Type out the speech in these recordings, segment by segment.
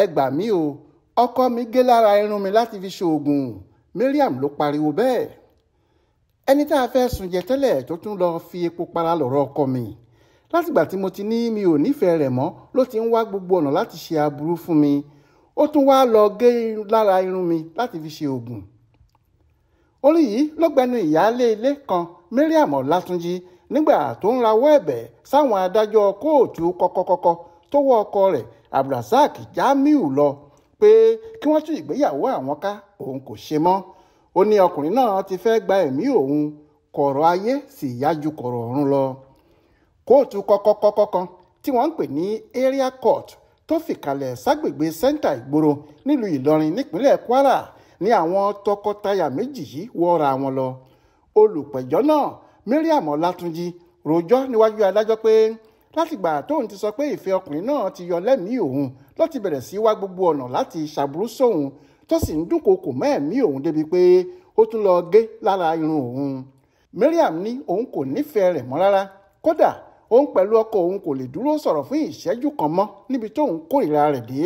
ẹ gbà mí o ọkọ mi gé lára irun mi láti fi ṣoògùn Mariam ló pariwo bẹ́ẹ̀ ẹni tá a fẹ́ sùn jẹ tẹ́lẹ̀ tó tún lọ fi epo para lọ̀rọ̀ ọkọ mi látìgbà tí mo ti ní mi ò nífẹ̀ẹ́ rẹ̀ mọ́ ló ti ń wá gbogbo ọ̀nà láti ṣe aburú fún mi ó tún wá lọ gé lára irun mi láti fi ṣe oògùn orí yìí ló gbẹnu ìyáálé ilé kan Mariam Ọlátúnjí nígbà tó ń rawọ́ ẹ̀bẹ̀ sáwọn adájọ́ kóòtù kọ́kọ́kọ́kọ́ tó wọ ọkọ rẹ̀ abdulrasaq jamiu lọ pé kí wọ́n tú ìgbéyàwó àwọn ká òun kò ṣe mọ́ ó ní ọkùnrin náà ti fẹ́ gba ẹ̀mí òun kọ̀rọ̀ ayé sì yá ju kọ̀rọ̀ ọ̀run lọ kóòtù kọ́kọ́kọ́kọ́ kan tí wọ́n ń pè ní area court tó fìkàlẹ̀ ságbègbè sẹ́ńtà ìgboro nílùú ìlọrin nípínlẹ̀ kwara ní àwọn tọkọtaya méjì yìí wọ́ra wọn lọ olùpẹ̀jọ́ náà mariam ọlátúnjì rojọ́ níwájú adájọ́ pé látìgbà tóun ti sọ pé ìfẹ́ ọkùnrin náà ti yọ lẹ́mìí òun ló ti bẹ̀rẹ̀ sí wá gbogbo ọ̀nà láti ṣàbúrú sóun tó sì ń dúnkookò mẹ́ẹ̀mí òun débi pé ó tún lọ gé lára irun òun Mariam ní òun kò nífẹ̀ẹ́ rẹ̀ mọ́ rárá kódà òun pẹ̀lú ọkọ òun kò lè dúró sọ̀rọ̀ fún ìṣẹ́jú kan mọ́ níbi tóun kórìíra rẹ̀ dé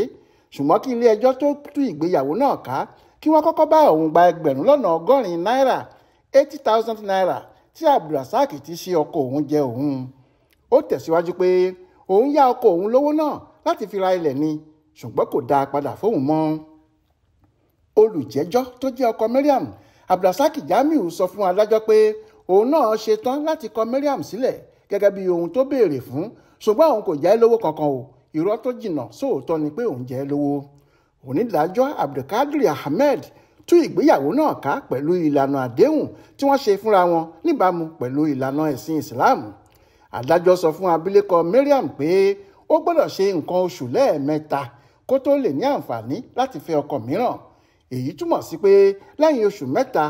ṣùgbọ́n kí ilé ẹjọ́ tó tú ìgbéyàwó náà ká kí wọ́n kọ́kọ́ bá òun gba ẹgbẹ̀rún lọ́nà ọgọ́rin náírà eighty thousand naira tí Abdulrasaq ti ṣe ọkọ òun jẹ òun ó tẹ̀síwájú pé òun yá ọkọ òun lówó náà láti fi ra ilẹ̀ ni ṣùgbọ́n kò dáa padà fóun mọ́ olùjẹ́jọ́ tó jẹ́ ọkọ Mariam Abdulrasaq Jamiu sọ fún adájọ́ pé òun náà ṣetán láti kọ Mariam sílẹ̀ gẹ́gẹ́ bí ohun tó béèrè fún ṣùgbọ́n òun kò jẹ́ lówó kankan o irọ́ tó jìnnà sóòótọ́ ni pé òun jẹ́ lówó onídàájọ́ Abdulkadir Ahmed tú ìgbéyàwó náà ká pẹ̀lú ìlànà àdéhùn tí wọ́n ṣe fúnra wọn níbàámu pẹ̀lú ìlànà ẹ̀sìn Islam adájọ́ sọ fún abilékọ Mariam pé ó gbọ́dọ̀ ṣe nǹkan oṣù lẹ́ẹ̀mẹ́ta kó tó lè ní àǹfààní láti fẹ́ ọkọ mìíràn èyí túmọ̀ sí pé lẹ́yìn oṣù mẹ́ta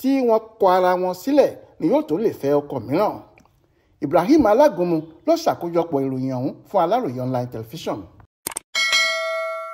tí wọ́n kọ ara wọn sílẹ̀ ni yóò tó lè fẹ́ ọkọ mìíràn Ibrahim Alágúnmu ló ṣàkójọpọ̀ ìròyìn ọ̀hún fún Aláròye online television.